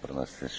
pro nás ten